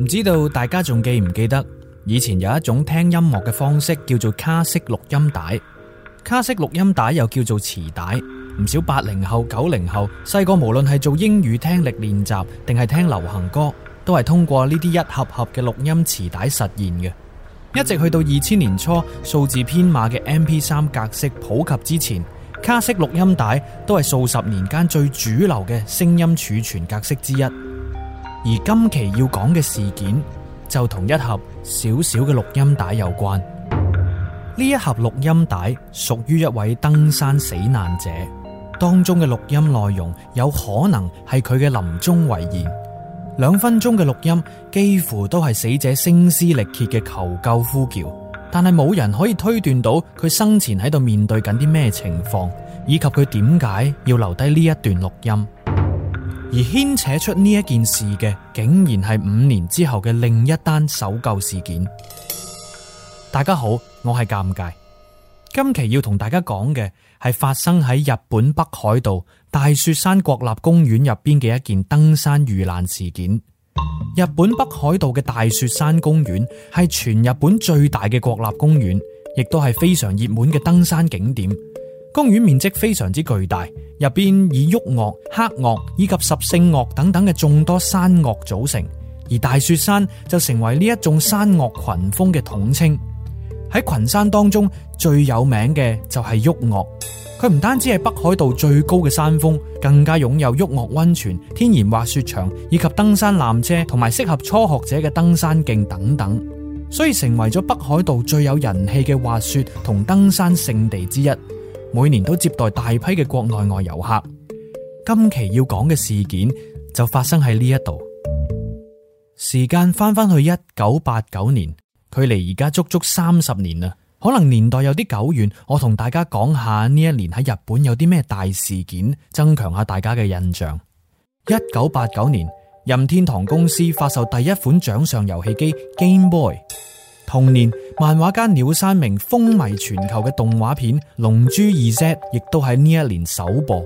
唔知道大家仲記唔記得以前有一種聽音樂嘅方式叫做卡式錄音帶，卡式錄音帶又叫做磁帶。唔少八零後、九零後細個無論係做英語聽力練習，定係聽流行歌，都係通過呢啲一盒盒嘅錄音磁帶實現嘅。一直去到二千年初數字編碼嘅 MP 三格式普及之前，卡式錄音帶都係數十年間最主流嘅聲音儲存格式之一。而今期要講嘅事件就同一盒小小嘅錄音帶有關。呢一盒錄音帶屬於一位登山死難者，當中嘅錄音內容有可能係佢嘅臨終遺言。兩分鐘嘅錄音幾乎都係死者聲嘶力竭嘅求救呼叫，但係冇人可以推斷到佢生前喺度面對緊啲咩情況，以及佢點解要留低呢一段錄音。而牽扯出呢一件事嘅，竟然係五年之後嘅另一單搜救事件。大家好，我係尷尬。今期要同大家講嘅係發生喺日本北海道大雪山國立公園入邊嘅一件登山遇難事件。日本北海道嘅大雪山公園係全日本最大嘅國立公園，亦都係非常熱門嘅登山景點。公園面積非常之巨大，入邊以旭岳、黑岳以及十勝岳等等嘅眾多山岳組成，而大雪山就成為呢一種山岳群峰嘅統稱。喺群山當中最有名嘅就係旭岳，佢唔單止係北海道最高嘅山峰，更加擁有旭岳溫泉、天然滑雪場以及登山纜車同埋適合初學者嘅登山徑等等，所以成為咗北海道最有人氣嘅滑雪同登山勝地之一。每年都接待大批嘅國內外遊客，今期要講嘅事件就發生喺呢一度。時間返返去一九八九年，距離而家足足三十年啦。可能年代有啲久遠，我同大家講下呢一年喺日本有啲咩大事件，增強下大家嘅印象。一九八九年，任天堂公司發售第一款掌上遊戲機 Game Boy，同年。漫畫家鳥山明風靡全球嘅動畫片《龍珠 Z》亦都喺呢一年首播。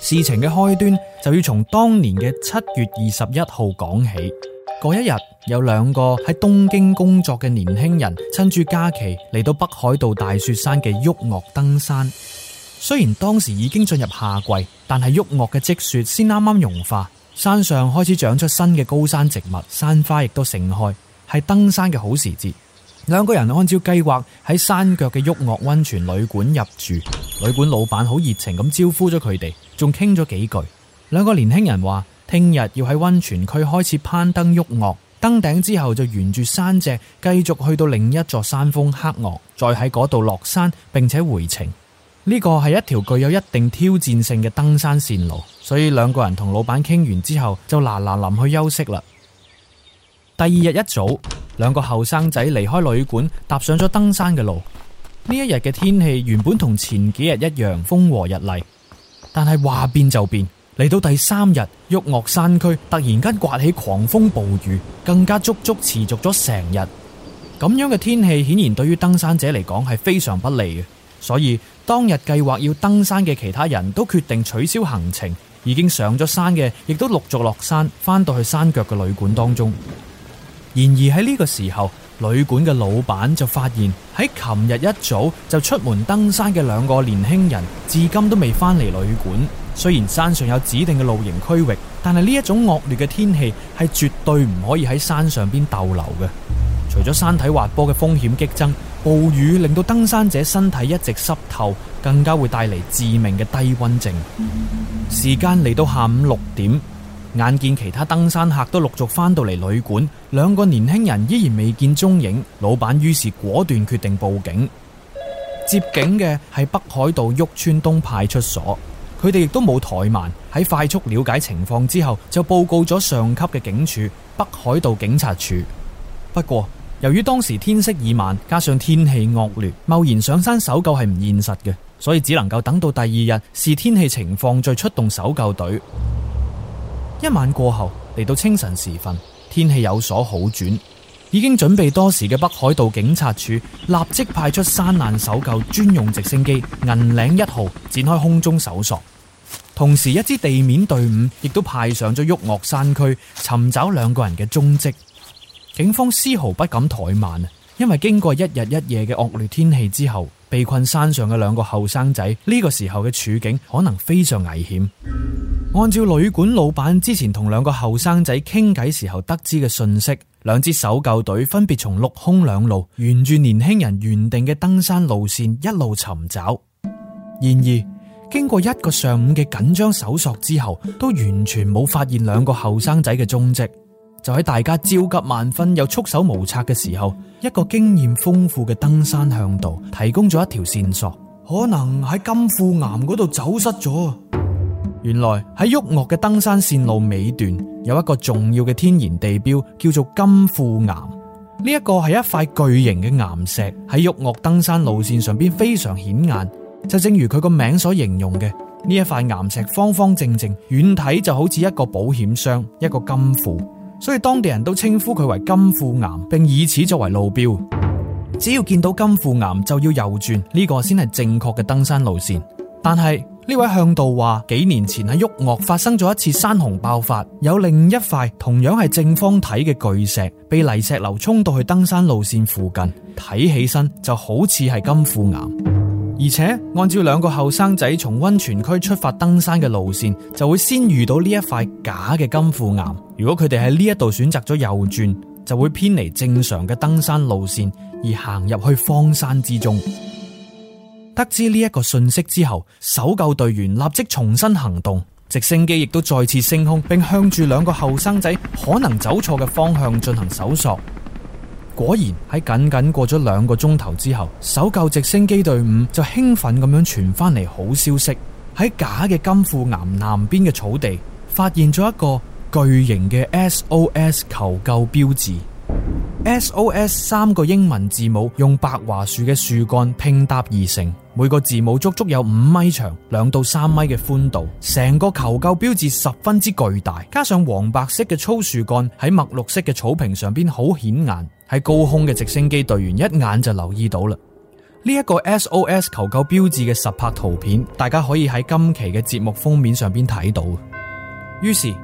事情嘅開端就要從當年嘅七月二十一號講起。嗰一日，有兩個喺東京工作嘅年輕人趁住假期嚟到北海道大雪山嘅旭岳登山。雖然當時已經進入夏季，但係旭岳嘅積雪先啱啱融化，山上開始長出新嘅高山植物，山花亦都盛開。係登山嘅好時節，兩個人按照計劃喺山腳嘅旭岳溫泉旅館入住。旅館老闆好熱情咁招呼咗佢哋，仲傾咗幾句。兩個年輕人話聽日要喺溫泉區開始攀登旭岳，登頂之後就沿住山脊繼續去到另一座山峰黑岳，再喺嗰度落山，並且回程。呢個係一條具有一定挑戰性嘅登山線路，所以兩個人同老闆傾完之後就嗱嗱臨去休息啦。第二日一早，兩個後生仔離開旅館，踏上咗登山嘅路。呢一日嘅天氣原本同前幾日一樣風和日麗，但係話變就變。嚟到第三日，旭岳山區突然間颳起狂風暴雨，更加足足持續咗成日。咁樣嘅天氣顯然對於登山者嚟講係非常不利嘅，所以當日計劃要登山嘅其他人都決定取消行程。已經上咗山嘅，亦都陸續落山，翻到去山腳嘅旅館當中。然而喺呢個時候，旅館嘅老闆就發現喺琴日一早就出門登山嘅兩個年輕人，至今都未返嚟旅館。雖然山上有指定嘅露營區域，但係呢一種惡劣嘅天氣係絕對唔可以喺山上邊逗留嘅。除咗山體滑坡嘅風險激增，暴雨令到登山者身體一直濕透，更加會帶嚟致命嘅低温症。時間嚟到下午六點。眼見其他登山客都陸續返到嚟旅館，兩個年輕人依然未見蹤影。老板於是果斷決定報警。接警嘅係北海道旭川東派出所，佢哋亦都冇怠慢，喺快速了解情況之後，就報告咗上級嘅警署——北海道警察署。不過，由於當時天色已晚，加上天氣惡劣，貿然上山搜救係唔現實嘅，所以只能夠等到第二日，視天氣情況再出動搜救隊。一晚過後，嚟到清晨時分，天氣有所好轉，已經準備多時嘅北海道警察署立即派出山難搜救專用直升機銀嶺一號展開空中搜索，同時一支地面隊伍亦都派上咗旭岳山區尋找兩個人嘅蹤跡。警方絲毫不敢怠慢，因為經過一日一夜嘅惡劣天氣之後。被困山上嘅兩個後生仔呢個時候嘅處境可能非常危險。按照旅館老闆之前同兩個後生仔傾偈時候得知嘅訊息，兩支搜救隊分別從陸空兩路沿住年輕人原定嘅登山路線一路尋找。然而，經過一個上午嘅緊張搜索之後，都完全冇發現兩個後生仔嘅蹤跡。就喺大家焦急萬分又束手無策嘅時候，一個經驗豐富嘅登山向導提供咗一條線索，可能喺金庫岩嗰度走失咗。原來喺旭岳嘅登山線路尾段有一個重要嘅天然地標，叫做金庫岩。呢一個係一塊巨型嘅岩石喺旭岳登山路線上邊非常顯眼，就正如佢個名所形容嘅呢一塊岩石方方正正，遠睇就好似一個保險箱，一個金庫。所以當地人都稱呼佢為金庫岩，並以此作為路標。只要見到金庫岩，就要右轉，呢、這個先係正確嘅登山路線。但係呢位向導話，幾年前喺旭岳發生咗一次山洪爆發，有另一塊同樣係正方體嘅巨石被泥石流沖到去登山路線附近，睇起身就好似係金庫岩。而且，按照兩個後生仔從温泉區出發登山嘅路線，就會先遇到呢一塊假嘅金庫岩。如果佢哋喺呢一度選擇咗右轉，就會偏離正常嘅登山路線，而行入去荒山之中。得知呢一個信息之後，搜救隊員立即重新行動，直升機亦都再次升空，並向住兩個後生仔可能走錯嘅方向進行搜索。果然喺僅僅過咗兩個鐘頭之後，搜救直升機隊伍就興奮咁樣傳返嚟好消息：喺假嘅金庫岩南邊嘅草地，發現咗一個巨型嘅 SOS 求救標誌。SOS 三個英文字母用白樺樹嘅樹幹拼搭而成。每個字母足足有五米長，兩到三米嘅寬度，成個求救標誌十分之巨大，加上黃白色嘅粗樹幹喺墨綠色嘅草坪上邊好顯眼，喺高空嘅直升機隊員一眼就留意到啦。呢一個 SOS 求救標誌嘅實拍圖片，大家可以喺今期嘅節目封面上邊睇到。於是，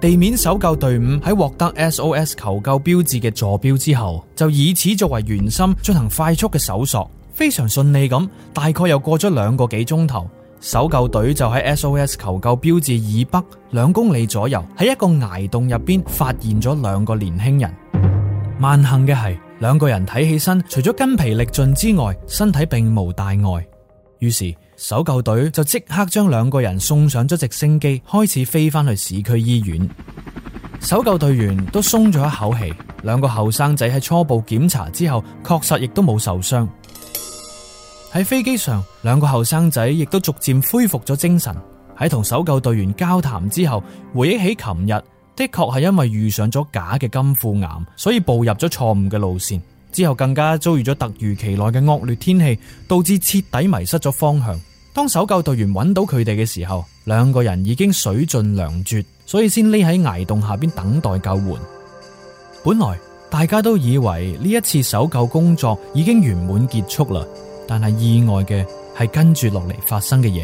地面搜救隊伍喺獲得 SOS 求救標誌嘅坐標之後，就以此作為圓心進行快速嘅搜索。非常順利咁，大概又過咗兩個幾鐘頭，搜救隊就喺 SOS 求救標誌以北兩公里左右，喺一個崖洞入邊發現咗兩個年輕人。萬幸嘅係，兩個人睇起身除咗筋疲力盡之外，身體並無大礙。於是搜救隊就即刻將兩個人送上咗直升機，開始飛翻去市區醫院。搜救隊員都鬆咗一口氣，兩個後生仔喺初步檢查之後，確實亦都冇受傷。喺飛機上，兩個後生仔亦都逐漸恢復咗精神。喺同搜救隊員交談之後，回憶起琴日，的確係因為遇上咗假嘅金庫岩，所以步入咗錯誤嘅路線。之後更加遭遇咗突如其來嘅惡劣天氣，導致徹底迷失咗方向。當搜救隊員揾到佢哋嘅時候，兩個人已經水盡糧絕，所以先匿喺崖洞下邊等待救援。本來大家都以為呢一次搜救工作已經圓滿結束啦。但係意外嘅係跟住落嚟發生嘅嘢。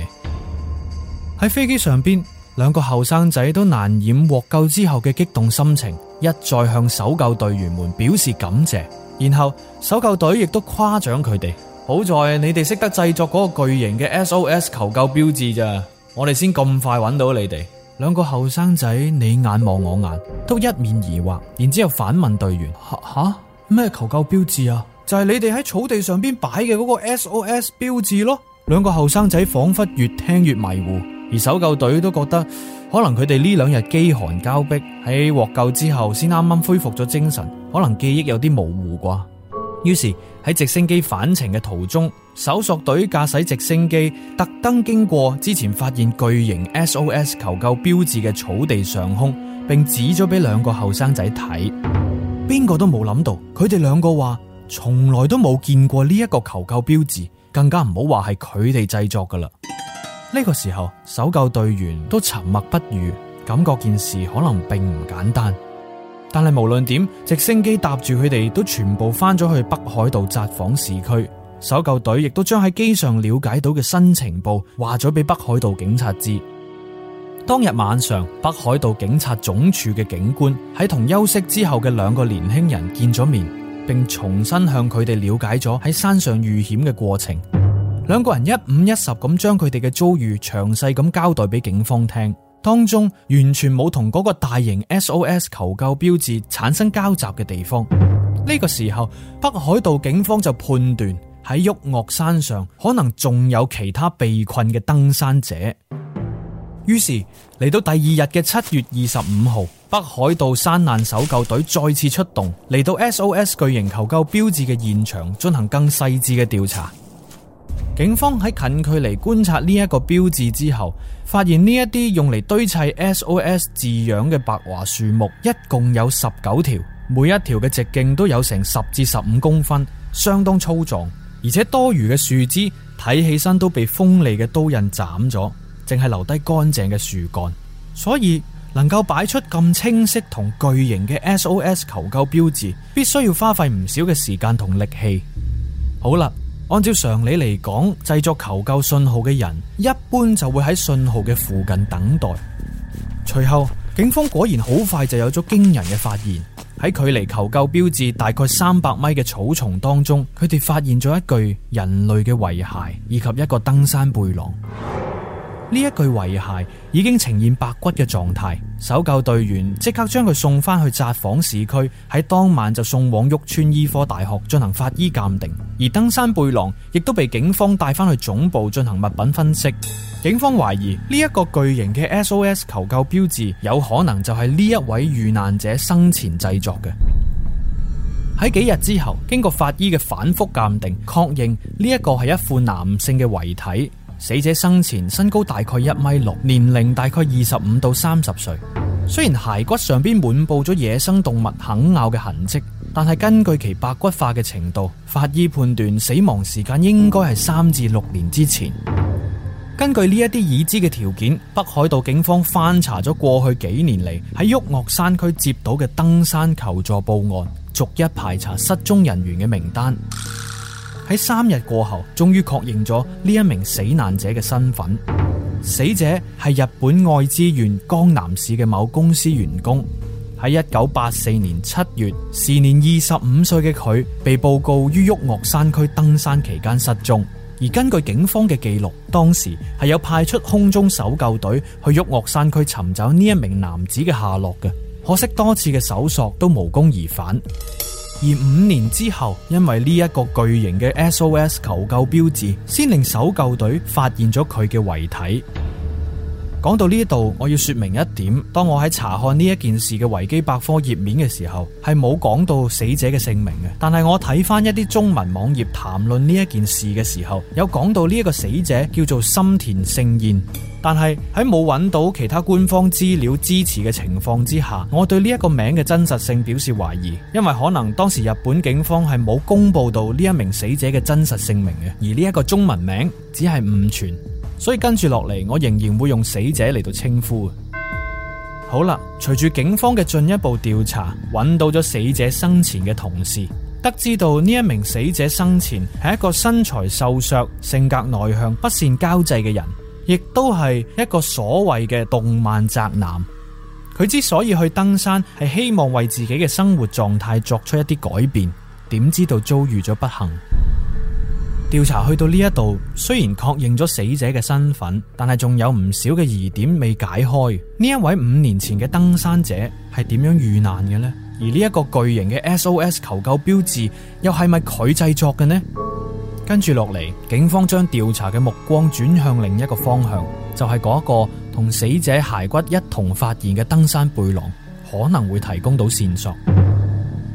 喺飛機上邊，兩個後生仔都難掩獲救之後嘅激動心情，一再向搜救隊員們表示感謝。然後搜救隊亦都誇獎佢哋。好在你哋識得製作嗰個巨型嘅 SOS 求救標誌咋。我哋先咁快揾到你哋。兩個後生仔，你眼望我眼，都一面疑惑，然之後反問隊員：吓，咩求救標誌啊？就係你哋喺草地上邊擺嘅嗰個 SOS 標誌咯。兩個後生仔仿佛越聽越迷糊，而搜救隊都覺得可能佢哋呢兩日飢寒交迫，喺獲救之後先啱啱恢復咗精神，可能記憶有啲模糊啩。於是喺直升機返程嘅途中，搜索隊駕駛直升機特登經過之前發現巨型 SOS 求救標誌嘅草地上空，並指咗俾兩個後生仔睇。邊個都冇諗到，佢哋兩個話。從來都冇見過呢一個求救標誌，更加唔好話係佢哋製作噶啦。呢 個時候，搜救隊員都沉默不語，感覺件事可能並唔簡單。但係無論點，直升機搭住佢哋都全部翻咗去北海道札幌市區。搜救隊亦都將喺機上了解到嘅新情報話咗俾北海道警察知。當日晚上，北海道警察總署嘅警官喺同休息之後嘅兩個年輕人見咗面。並重新向佢哋了解咗喺山上遇險嘅過程，兩個人一五一十咁將佢哋嘅遭遇詳細咁交代俾警方聽，當中完全冇同嗰個大型 SOS 求救標誌產生交集嘅地方。呢個時候，北海道警方就判斷喺旭岳山上可能仲有其他被困嘅登山者，於是嚟到第二日嘅七月二十五號。北海道山難搜救隊再次出動，嚟到 SOS 巨型求救標誌嘅現場進行更細致嘅調查。警方喺近距離觀察呢一個標誌之後，發現呢一啲用嚟堆砌 SOS 字樣嘅白樺樹木，一共有十九條，每一條嘅直徑都有成十至十五公分，相當粗壯，而且多餘嘅樹枝睇起身都被鋒利嘅刀刃斬咗，淨係留低乾淨嘅樹幹，所以。能夠擺出咁清晰同巨型嘅 SOS 求救標誌，必須要花費唔少嘅時間同力氣。好啦，按照常理嚟講，製作求救信號嘅人一般就會喺信號嘅附近等待。隨後，警方果然好快就有咗驚人嘅發現，喺距離求救標誌大概三百米嘅草叢當中，佢哋發現咗一具人類嘅遺骸以及一個登山背囊。呢一具遺骸已經呈現白骨嘅狀態，搜救隊員即刻將佢送翻去札幌市區，喺當晚就送往旭川醫科大學進行法醫鑑定，而登山背囊亦都被警方帶翻去總部進行物品分析。警方懷疑呢一個巨型嘅 SOS 求救標誌，有可能就係呢一位遇難者生前製作嘅。喺幾日之後，經過法醫嘅反復鑑定，確認呢一個係一副男性嘅遺體。死者生前身高大概一米六，年齡大概二十五到三十歲。雖然骸骨上邊滿布咗野生動物啃咬嘅痕跡，但係根據其白骨化嘅程度，法醫判斷死亡時間應該係三至六年之前。根據呢一啲已知嘅條件，北海道警方翻查咗過去幾年嚟喺旭岳山區接到嘅登山求助報案，逐一排查失蹤人員嘅名單。喺三日過後，終於確認咗呢一名死難者嘅身份。死者係日本愛知縣江南市嘅某公司員工。喺一九八四年七月，時年二十五歲嘅佢被報告於旭岳山區登山期間失蹤。而根據警方嘅記錄，當時係有派出空中搜救隊去旭岳山區尋找呢一名男子嘅下落嘅。可惜多次嘅搜索都無功而返。而五年之後，因為呢一個巨型嘅 SOS 求救標誌，先令搜救隊發現咗佢嘅遺體。講到呢度，我要說明一點，當我喺查看呢一件事嘅維基百科頁面嘅時候，係冇講到死者嘅姓名嘅。但係我睇翻一啲中文網頁談論呢一件事嘅時候，有講到呢一個死者叫做深田聖彥。但係喺冇揾到其他官方資料支持嘅情況之下，我對呢一個名嘅真實性表示懷疑，因為可能當時日本警方係冇公布到呢一名死者嘅真實姓名嘅，而呢一個中文名只係誤傳。所以跟住落嚟，我仍然會用死者嚟到稱呼。好啦，隨住警方嘅進一步調查，揾到咗死者生前嘅同事，得知到呢一名死者生前係一個身材瘦削、性格內向、不善交際嘅人，亦都係一個所謂嘅動漫宅男。佢之所以去登山，係希望為自己嘅生活狀態作出一啲改變，點知道遭遇咗不幸。.調查去到呢一度，雖然確認咗死者嘅身份，但係仲有唔少嘅疑點未解開。呢一位五年前嘅登山者係點樣遇難嘅呢？而呢一個巨型嘅 SOS 求救標誌又係咪佢製作嘅呢？跟住落嚟，警方將調查嘅目光轉向另一個方向，就係嗰個同死者骸骨一同發現嘅登山背囊，可能會提供到線索。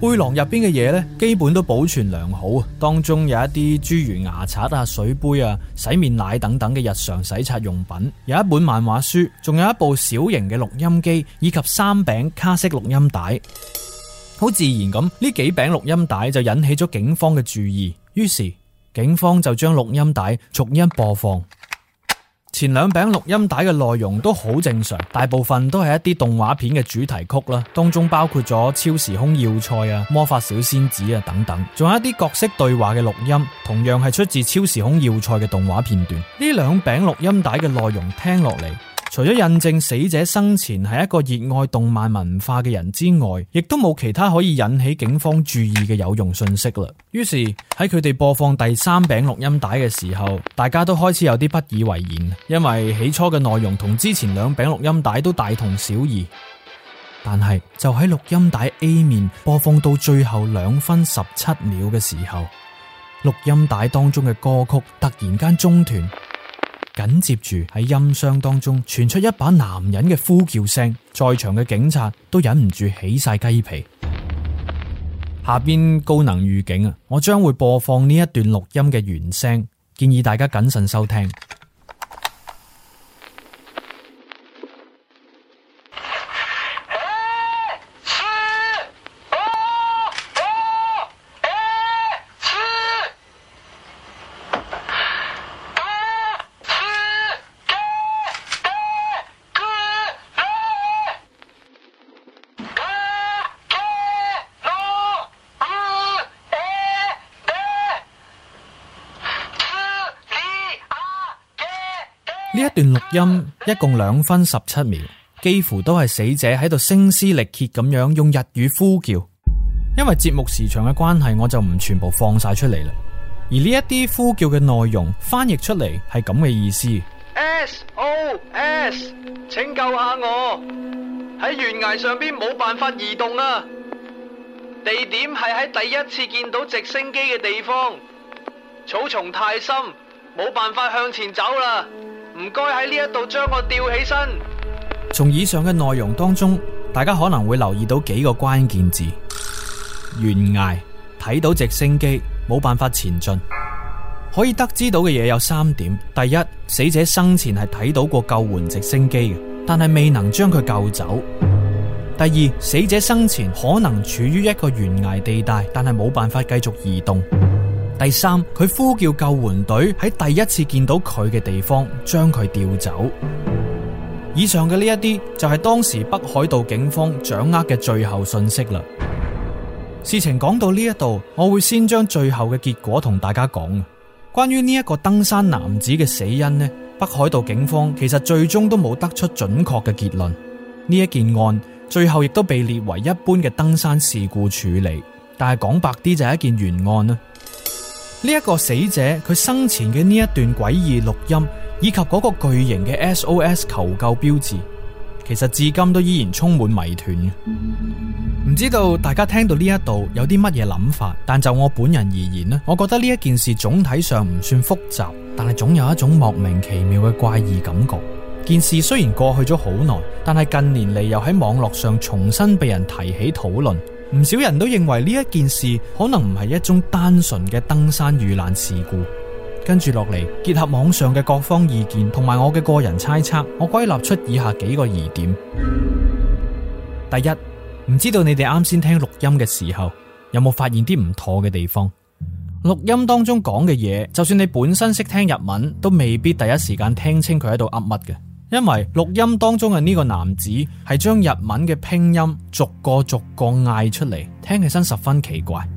背囊入邊嘅嘢咧，基本都保存良好啊，當中有一啲諸如牙刷啊、水杯啊、洗面奶等等嘅日常洗刷用品，有一本漫畫書，仲有一部小型嘅錄音機以及三柄卡式錄音帶。好自然咁，呢幾柄錄音帶就引起咗警方嘅注意，於是警方就將錄音帶逐一播放。前兩餅錄音帶嘅內容都好正常，大部分都係一啲動畫片嘅主題曲啦，當中包括咗《超時空要塞》啊，《魔法小仙子》啊等等，仲有一啲角色對話嘅錄音，同樣係出自《超時空要塞》嘅動畫片段。呢兩餅錄音帶嘅內容聽落嚟。除咗印證死者生前係一個熱愛動漫文化嘅人之外，亦都冇其他可以引起警方注意嘅有用信息，啦。於是喺佢哋播放第三餅錄音帶嘅時候，大家都開始有啲不以為然，因為起初嘅內容同之前兩餅錄音帶都大同小異。但係就喺錄音帶 A 面播放到最後兩分十七秒嘅時候，錄音帶當中嘅歌曲突然間中斷。緊接住喺音箱，當中傳出一把男人嘅呼叫聲，在場嘅警察都忍唔住起晒雞皮。下邊高能預警啊！我將會播放呢一段錄音嘅原聲，建議大家謹慎收聽。音、嗯、一共兩分十七秒，幾乎都係死者喺度聲嘶力竭咁樣用日語呼叫，因為節目時長嘅關係，我就唔全部放晒出嚟啦。而呢一啲呼叫嘅內容翻譯出嚟係咁嘅意思：S, S O S，請救下我！喺懸崖上邊冇辦法移動啦，地點係喺第一次見到直升機嘅地方，草叢太深，冇辦法向前走啦。唔該喺呢一度將我吊起身。從以上嘅內容當中，大家可能會留意到幾個關鍵字：懸崖、睇到直升機、冇辦法前進。可以得知到嘅嘢有三點：第一，死者生前係睇到過救援直升機嘅，但係未能將佢救走；第二，死者生前可能處於一個懸崖地帶，但係冇辦法繼續移動。第三，佢呼叫救援隊喺第一次見到佢嘅地方將佢調走。以上嘅呢一啲就係當時北海道警方掌握嘅最後信息啦。事情講到呢一度，我會先將最後嘅結果同大家講。關於呢一個登山男子嘅死因呢，北海道警方其實最終都冇得出準確嘅結論。呢一件案最後亦都被列為一般嘅登山事故處理，但係講白啲就係一件懸案啦。呢一個死者佢生前嘅呢一段詭異錄音，以及嗰個巨型嘅 SOS 求救標誌，其實至今都依然充滿謎團。唔知道大家聽到呢一度有啲乜嘢諗法，但就我本人而言咧，我覺得呢一件事總體上唔算複雜，但係總有一種莫名其妙嘅怪異感覺。件事雖然過去咗好耐，但係近年嚟又喺網絡上重新被人提起討論。唔少人都認為呢一件事可能唔係一宗單純嘅登山遇難事故。跟住落嚟，結合網上嘅各方意見同埋我嘅個人猜測，我歸納出以下幾個疑點：第一，唔知道你哋啱先聽錄音嘅時候有冇發現啲唔妥嘅地方？錄音當中講嘅嘢，就算你本身識聽日文，都未必第一時間聽清佢喺度噏乜嘅。因為錄音當中嘅呢個男子係將日文嘅拼音逐個逐個嗌出嚟，聽起身十分奇怪。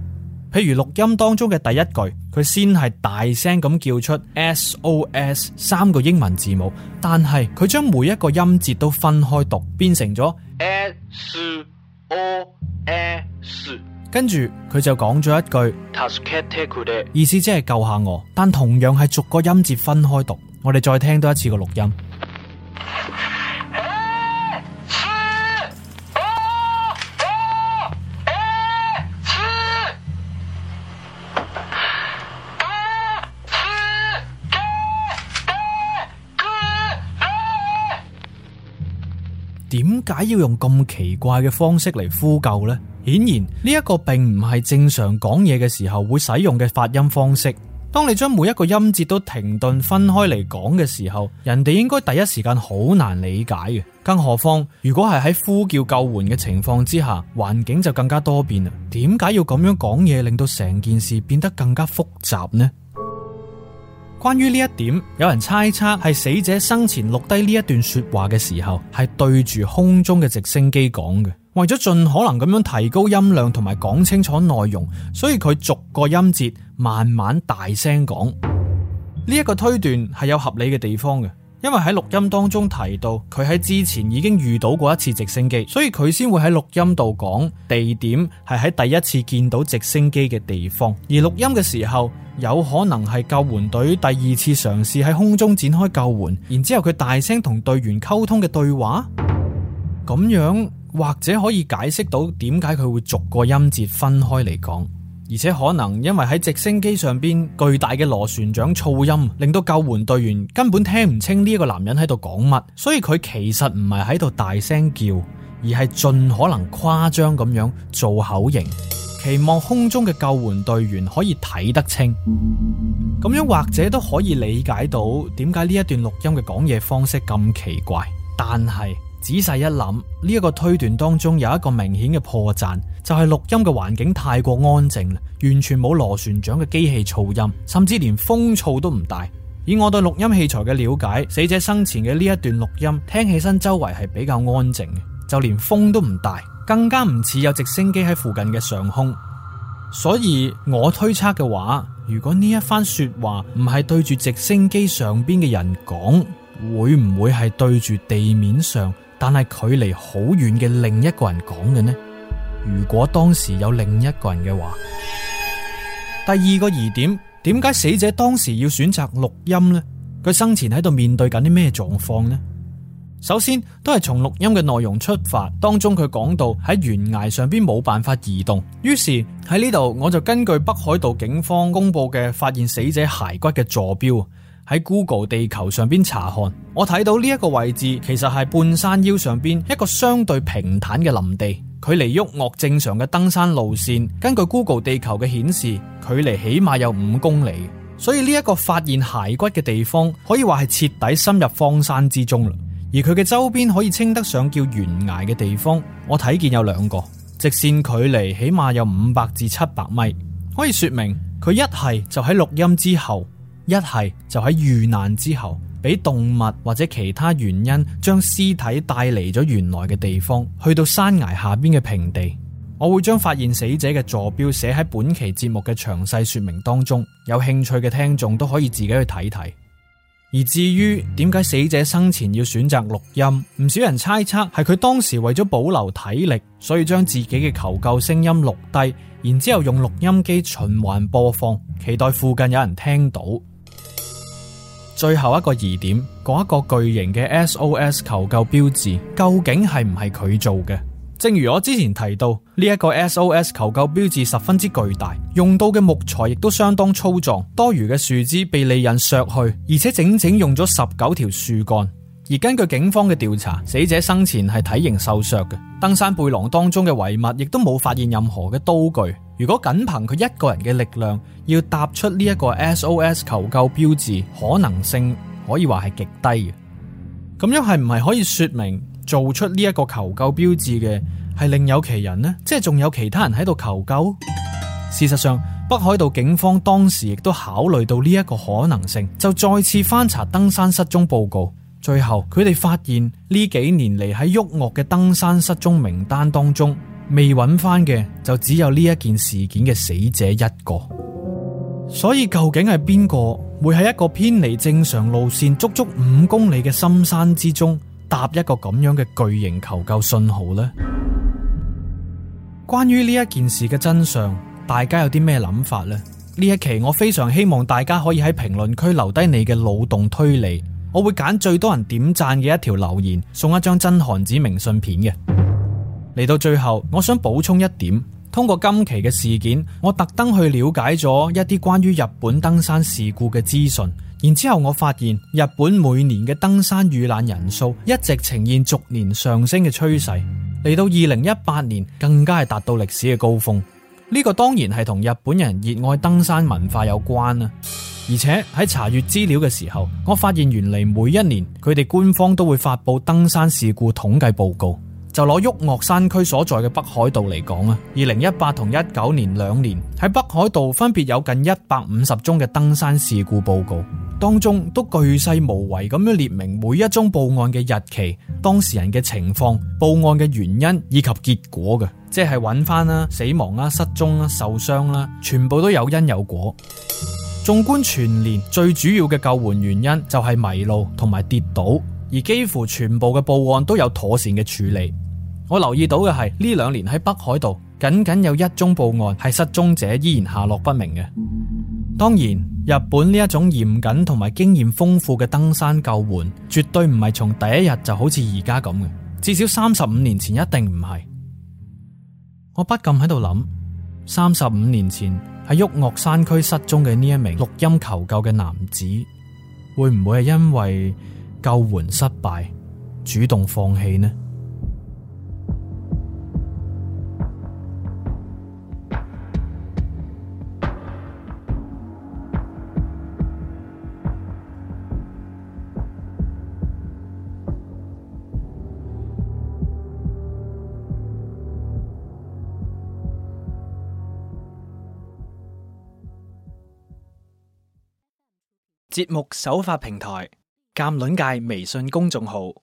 譬如錄音當中嘅第一句，佢先係大聲咁叫出 S O S 三個英文字母，但係佢將每一個音節都分開讀，變成咗 S O S。跟住佢就講咗一句，意思即係救下我，但同樣係逐個音節分開讀。我哋再聽多一次個錄音。誒，點解要用咁奇怪嘅方式嚟呼救呢？顯然呢一個並唔係正常講嘢嘅時候會使用嘅發音方式。當你將每一個音節都停頓分開嚟講嘅時候，人哋應該第一時間好難理解嘅。更何況，如果係喺呼叫救援嘅情況之下，環境就更加多變啦。點解要咁樣講嘢，令到成件事變得更加複雜呢？關於呢一點，有人猜測係死者生前錄低呢一段說話嘅時候，係對住空中嘅直升機講嘅。為咗盡可能咁樣提高音量同埋講清楚內容，所以佢逐個音節慢慢大聲講。呢一個推斷係有合理嘅地方嘅，因為喺錄音當中提到佢喺之前已經遇到過一次直升機，所以佢先會喺錄音度講地點係喺第一次見到直升機嘅地方。而錄音嘅時候，有可能係救援隊第二次嘗試喺空中展開救援，然之後佢大聲同隊員溝通嘅對話，咁樣。或者可以解釋到點解佢會逐個音節分開嚟講，而且可能因為喺直升機上邊巨大嘅螺旋槳噪音，令到救援隊員根本聽唔清呢個男人喺度講乜，所以佢其實唔係喺度大聲叫，而係盡可能誇張咁樣做口型，期望空中嘅救援隊員可以睇得清。咁樣或者都可以理解到點解呢一段錄音嘅講嘢方式咁奇怪，但係，仔細一諗，呢一個推斷當中有一個明顯嘅破綻，就係錄音嘅環境太過安靜啦，完全冇螺旋槳嘅機器噪音，甚至連風噪都唔大。以我對錄音器材嘅了解，死者生前嘅呢一段錄音聽起身周圍係比較安靜嘅，就連風都唔大，更加唔似有直升機喺附近嘅上空。所以我推測嘅話，如果呢一番說話唔係對住直升機上邊嘅人講，會唔會係對住地面上？但係距離好遠嘅另一個人講嘅呢？如果當時有另一個人嘅話，第二個疑點，點解死者當時要選擇錄音呢？佢生前喺度面對緊啲咩狀況呢？首先，都係從錄音嘅內容出發，當中佢講到喺懸崖上邊冇辦法移動，於是喺呢度我就根據北海道警方公布嘅發現死者骸骨嘅坐標。喺 Google 地球上邊查看，我睇到呢一個位置其實係半山腰上邊一個相對平坦嘅林地，距離旭岳正常嘅登山路線，根據 Google 地球嘅顯示，距離起碼有五公里。所以呢一個發現骸骨嘅地方，可以話係徹底深入荒山之中。而佢嘅周邊可以稱得上叫懸崖嘅地方，我睇見有兩個，直線距離起碼有五百至七百米，可以說明佢一係就喺錄音之後，一係就喺遇難之後，俾動物或者其他原因將屍體帶離咗原來嘅地方，去到山崖下邊嘅平地。我會將發現死者嘅坐標寫喺本期節目嘅詳細說明當中，有興趣嘅聽眾都可以自己去睇睇。而至於點解死者生前要選擇錄音，唔少人猜測係佢當時為咗保留體力，所以將自己嘅求救聲音錄低，然之後用錄音機循環播放，期待附近有人聽到。最後一個疑點，嗰一個巨型嘅 SOS 求救標誌，究竟係唔係佢做嘅？正如我之前提到，呢一個 SOS 求救標誌十分之巨大，用到嘅木材亦都相當粗壯，多餘嘅樹枝被利刃削去，而且整整用咗十九條樹幹。而根據警方嘅調查，死者生前係體型瘦削嘅，登山背囊當中嘅遺物亦都冇發現任何嘅刀具。如果僅憑佢一個人嘅力量，要踏出呢一個 SOS 求救標誌，可能性可以話係極低嘅。咁樣係唔係可以說明做出呢一個求救標誌嘅係另有其人呢？即係仲有其他人喺度求救。 事實上，北海道警方當時亦都考慮到呢一個可能性，就再次翻查登山失蹤報告。最後，佢哋發現呢幾年嚟喺旭岳嘅登山失蹤名單當中。未揾翻嘅就只有呢一件事件嘅死者一個，所以究竟係邊個會喺一個偏離正常路線足足五公里嘅深山之中，搭一個咁樣嘅巨型求救信號呢？關於呢一件事嘅真相，大家有啲咩諗法呢？呢一期我非常希望大家可以喺評論區留低你嘅腦洞推理，我會揀最多人點讚嘅一條留言，送一張真漢子明信片嘅。嚟到最後，我想補充一點。通過今期嘅事件，我特登去了解咗一啲關於日本登山事故嘅資訊。然之後我發現，日本每年嘅登山遇難人數一直呈現逐年上升嘅趨勢。嚟到二零一八年，更加係達到歷史嘅高峰。呢個當然係同日本人熱愛登山文化有關啊。而且喺查閱資料嘅時候，我發現原嚟每一年佢哋官方都會發布登山事故統計報告。就攞旭岳山區所在嘅北海道嚟講啊，二零一八同一九年兩年喺北海道分別有近一百五十宗嘅登山事故報告，當中都巨細無遺咁樣列明每一宗報案嘅日期、當事人嘅情況、報案嘅原因以及結果嘅，即係揾翻啦、死亡啦、失蹤啦、受傷啦，全部都有因有果。縱觀全年，最主要嘅救援原因就係迷路同埋跌倒，而幾乎全部嘅報案都有妥善嘅處理。我留意到嘅係呢兩年喺北海道僅僅有一宗報案係失蹤者依然下落不明嘅。當然，日本呢一種嚴謹同埋經驗豐富嘅登山救援，絕對唔係從第一日就好似而家咁嘅。至少三十五年前一定唔係。我不禁喺度諗，三十五年前喺旭岳山區失蹤嘅呢一名錄音求救嘅男子，會唔會係因為救援失敗主動放棄呢？節目首發平台：鑒論界微信公眾號。